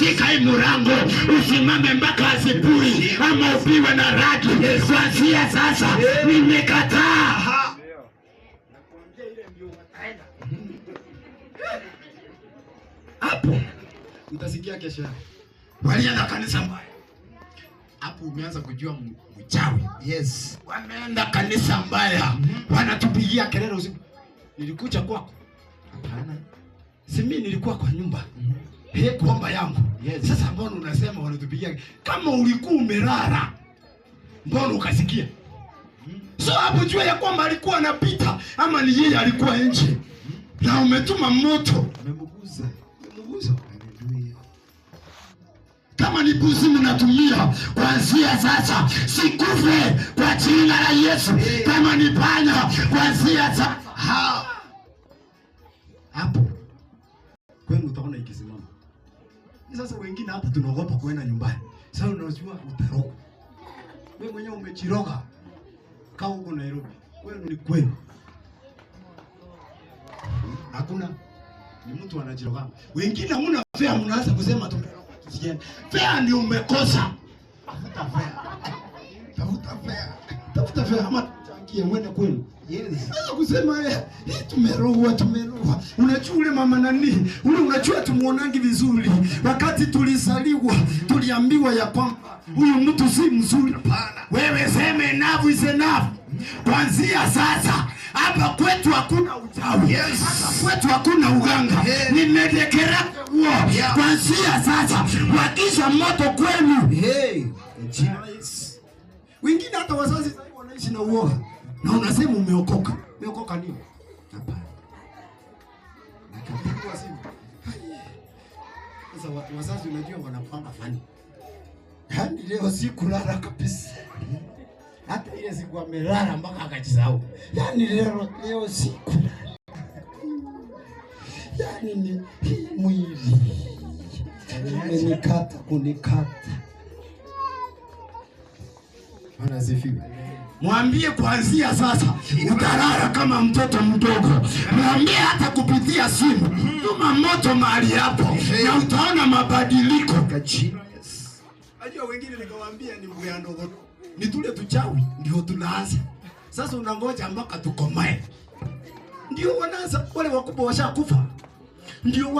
katika hii mlango usimame mpaka asipui ama upiwe na radi. Kuanzia sasa nimekataa hapo utasikia kesho walia na kanisa mbaya. Hapo umeanza kujua mchawi. Yes, wameenda kanisa mbaya, mhm. wanatupigia kelele usiku, nilikuja kwako? Hapana, si mimi nilikuwa kwa nyumba. Mm -hmm ye kuomba yangu yes. Sasa mbona unasema wanatupigia? Kama ulikuwa umelala mbona ukasikia? mm. So hapo jua ya kwamba alikuwa anapita ama ni yeye alikuwa nje mm. na umetuma moto umemguza, umemguza kama ni buzi mnatumia kuanzia sasa, sikufe kwa jina la Yesu. Kama ni panya kuanzia sasa hapo kwenu utaona ikisimama. Sasa wengine hapa tunaogopa kuenda nyumbani. Sasa unajua utaroga. Wewe mwenyewe umejiroga. Kaa huko Nairobi. Wewe ni kweli. Hakuna ni mtu anajiroga. Wengine hamna fair mnaanza kusema tumeroga tusijieni. Fea ndio umekosa. Tafuta fair. Tafuta fair. Tafuta fea ama haki ya mwana kwenu. Yes. Sasa kusema hii eh, eh, tumeroa tumeroa. Unajua ule mama nani? Ule unajua tumuonangi vizuri. Wakati tulizaliwa tuliambiwa ya kwamba huyu mtu si mzuri. Wewe sema enough is enough. kwanzia sasa hapa kwetu hakuna uchawi. Yes. Hapa kwetu hakuna uganga. Yes. Nimedekera huo. Yeah. Kuanzia sasa wakisha moto kwenu. Hey. Yes. Wengine hata wazazi wanaishi na uoga na unasema umeokoka. Umeokoka nini? Hapana. Nakapigwa simu. Sasa wa, wazazi unajua wanapanga fani. Yaani leo si kulala kabisa. Hata ile siku amelala mpaka akajisahau. Yaani leo leo si kulala. Yaani ni hii mwili. Umenikata kunikata. Anasifiwa. Mwambie kuanzia sasa utalala kama mtoto mdogo. Mwambie hata kupitia simu, tuma moto mahali hapo na utaona mabadiliko. Najua wengine nikawaambia ni mbuya ndogo, ni tule tuchawi ndio tunaanza sasa. Unangoja mpaka tukomae, ndio wanaanza wale wakubwa washakufa, ndio